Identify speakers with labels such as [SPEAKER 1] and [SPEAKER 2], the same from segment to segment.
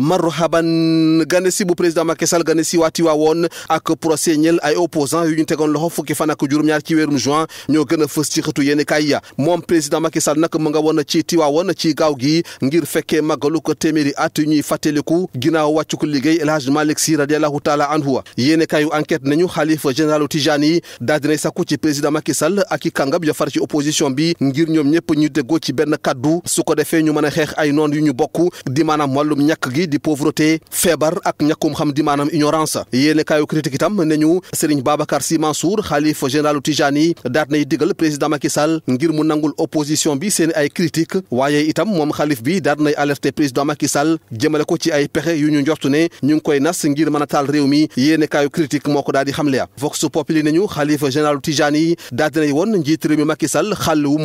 [SPEAKER 1] marhaban gane si bu président Macky Sall gane si waati waa woon ak procès ñel ay opposant yu ñu tegoon loxo fukki fan ak juróom-ñaar ci weerum juin ñoo gën a fës ci xëtu yéen kaay ya moom président Macky Sall nag ci nga woon ci Tiwaawoon ci gaaw gi ngir fekkee màggalu ko téeméeri at ñuy fàttaliku ginnaaw wàccu ko liggéey El Hadj Malick Sy radiallahu taala anhu yéen kaayu enquête nañu xalifa généralu Tijaan yi daal dinay ci président Macky Sall ak i kàngam ci opposition bi ngir ñoom ñëpp ñu déggoo ci benn kaddu su ko defee ñu mën a xeex ay noon yu ñu bokk di maanaam wàllum ñàkk gi di pauvreté feebar ak ñàkkum xam di maanaam ignorance yéene kaayu critique itam ne ñu Serigne Babacar Sy Mansour xaalif généralu Tijani daat nay digal président Macky Sall ngir mu nangul opposition bi seen ay critique waaye itam moom xaalif bi daat nay alerté président Macky Sall jëmale ko ci ay pexe yu ñu njortu ne ñu ngi koy nas ngir mën a taal réew mi yéene kaayu critique moo ko daal di xamle Vox Populi nañu xaalif généralu Tijani daat nay woon njiit réew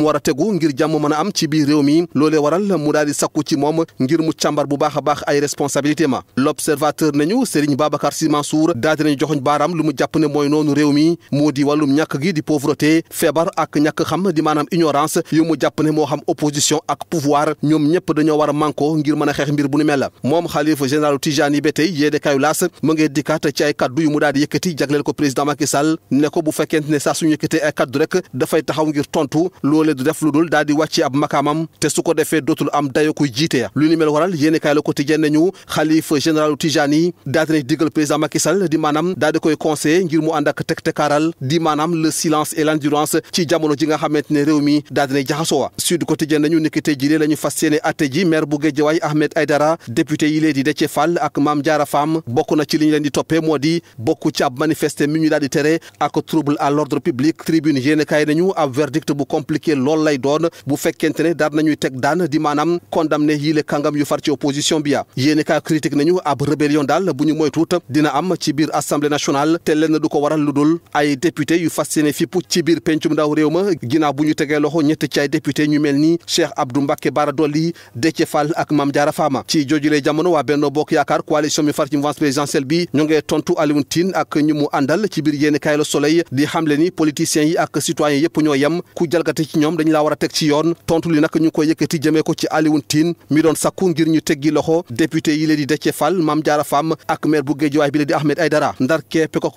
[SPEAKER 1] war a tegu ngir jàmm mën a am ci biir réew mi loolee waral mu daal di sakku ci moom ngir mu bu baax a baax responsabilité ma l'observateur nañu Serigne Babacar Sy Mansour daal dinañu joxoñ baaraam lu mu jàpp ne noonu réew moo di wàllum ñàkk gi di pauvreté feebar ak ñàkk xam di maanaam ignorance yu mu jàpp moo xam opposition ak pouvoir ñoom ñëpp dañoo war a ngir mën a xeex mbir bu nu mel moom xalifa général Tijani ba tey yéede laas mu ngi dikkaat ci ay kaddu yu mu daal di jagleel ko président Macky Sall bu fekkente ne saa suñu ay kaddu rek nañu xalif général Tijani daal dinañ digal président Macky Sall di maanaam daal di koy conseillé ngir mu ànd ak tegtekaaral di maanaam le silence et ci jamono ji nga xamante ne réew mi daal dinay jaxasoo Sud Quotidien nañu niki tey jii la ñu fas yéene atte ji maire bu Guédiawaye Ahmed Aïdara député yi lee di Déthié Fall ak Mame Diarra Fam bokk na ci li ñu leen di toppee moo di bokk ci ab manifester mi ñu daal di tere ak trouble à bu compliqué lool lay doon bu fekkente ne daal nañuy teg daan di maanaam condamné yile kàngam yu far ci bi bi yéene kaa critique nañu ab rébellion daal bu ñu moytuut dina am ci biir assemblée nationale te lenn du ko waral lu dul ay député yu fas yéene ci biir pencum ndaw réew ma ginnaaw bu ñu tegee loxo ñett ci ay député ñu mel ni Cheikh Abdou Mbacke Bara Dolly ak Mame Diarra Fama ci jojule jamono waa Benno Bokk Yaakaar coalition mi far ci mouvance présidentielle bi ñu ngee ci biir yéene kaay la Soleil di xamle ni politiciens yi ak ñu koy yëkkati ci Alioune Tine mi doon député yi la di Déthié Fall Mame Diarra Fam ak maire bu Guédiawaye bi la di Ahmed Aïdara ndar keppe kook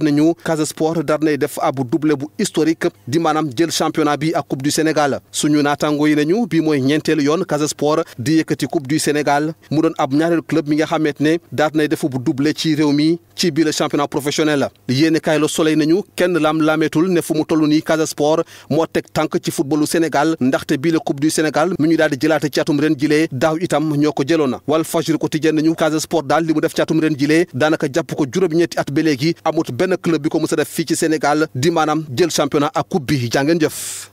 [SPEAKER 1] nañu Casa Sport dar def ab doublé bu historique di maanaam jël championnat bi ak coupe du Sénégal suñu naataango yi nañu bi mooy ñeenteelu yoon Casa Sport di yëkkati coupe du Sénégal mu doon ab ñaareelu club mi nga xamante ne daat nañu kenn lam laamee bareetul ne fu mu toll nii Casa Sport moo teg tànk ci footballu Sénégal ndaxte bii la coupe du Sénégal mi ñu daal di jëlaate ci atum ren jile daaw itam ñoo ko jëloon na wal fajur quotidien nañu Casa Sport daal li mu def ci atum ren jilee daanaka jàpp ko juróom-ñetti at ba léegi amut benn club bi ko mës a def ci Sénégal di maanaam jël championnat ak coupe bi jàngeen jëf